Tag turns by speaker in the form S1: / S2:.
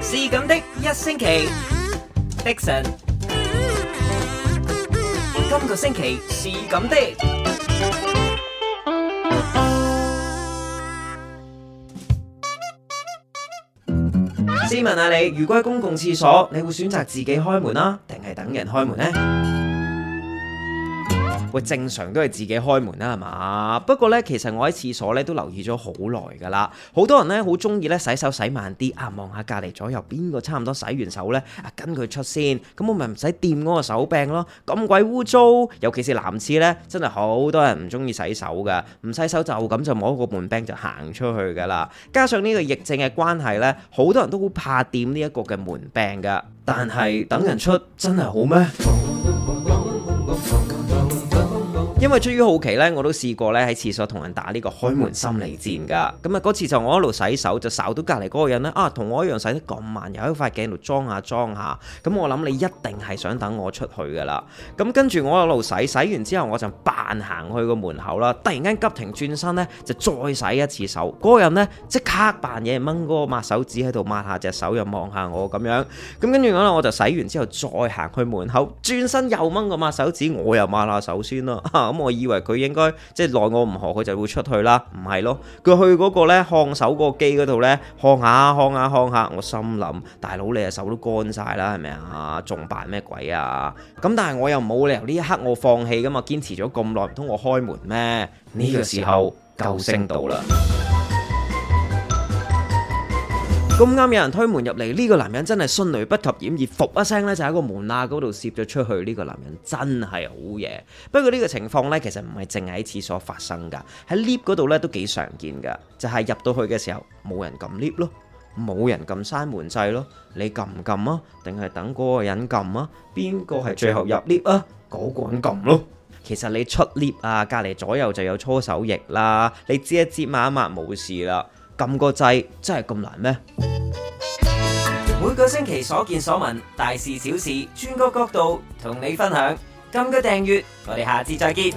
S1: 是咁的，一星期，Dixon，今個星期，是咁的。試 問下你，如果喺公共廁所，你會選擇自己開門吖，定係等人開門呢？正常都係自己開門啦，係嘛？不過呢，其實我喺廁所呢都留意咗好耐㗎啦。好多人呢，好中意呢洗手洗慢啲啊，望下隔離左右邊個差唔多洗完手呢，啊跟佢出先，咁我咪唔使掂嗰個手柄咯。咁鬼污糟，尤其是男廁呢，真係好多人唔中意洗手㗎。唔洗手就咁就摸個門柄就行出去㗎啦。加上呢個疫症嘅關係呢，好多人都好怕掂呢一個嘅門柄㗎。但係等人出真係好咩？因為出於好奇呢，我都試過呢喺廁所同人打呢個開門心理戰㗎。咁啊嗰次就我一路洗手，就睄到隔離嗰個人呢。啊，同我一樣洗得咁慢，又喺塊鏡度裝下裝下。咁、嗯、我諗你一定係想等我出去㗎啦。咁、嗯、跟住我一路洗，洗完之後我就扮行去個門口啦。突然間急停轉身呢，就再洗一次手。嗰、嗰個人呢，即刻扮嘢掹嗰個抹手紙喺度抹下隻手，又望下我咁樣。咁、嗯、跟住我咧，我就洗完之後再行去門口，轉身又掹個抹手紙，我又抹下手先啦。 咁我以為佢應該即係奈我唔何，佢就會出去啦，唔係咯？佢去嗰個呢，看手嗰個機嗰度呢，看下看下看下，我心諗大佬你啊，手都乾晒啦，係咪啊？仲扮咩鬼啊？咁但係我又冇理由呢一刻我放棄噶嘛，堅持咗咁耐，唔通我開門咩？呢個時候救星到啦！咁啱有人推門入嚟，呢個男人真係迅雷不及掩耳，伏一聲咧就喺個門罅嗰度攝咗出去。呢個男人真係好嘢。不過呢個情況呢，其實唔係淨喺廁所發生噶，喺 lift 嗰度呢，都幾常見噶。就係入到去嘅時候，冇人撳 lift 咯，冇人撳閂門掣咯，你撳唔撳啊？定係等嗰個人撳啊？邊個係最後入 lift 啊？嗰個人撳咯。其實你出 lift 啊，隔籬左右就有搓手液啦，你沾一沾抹一抹冇事啦。撳個掣真係咁難咩？每個星期所見所聞，大事小事，轉個角度同你分享。撳個訂閱，我哋下次再見。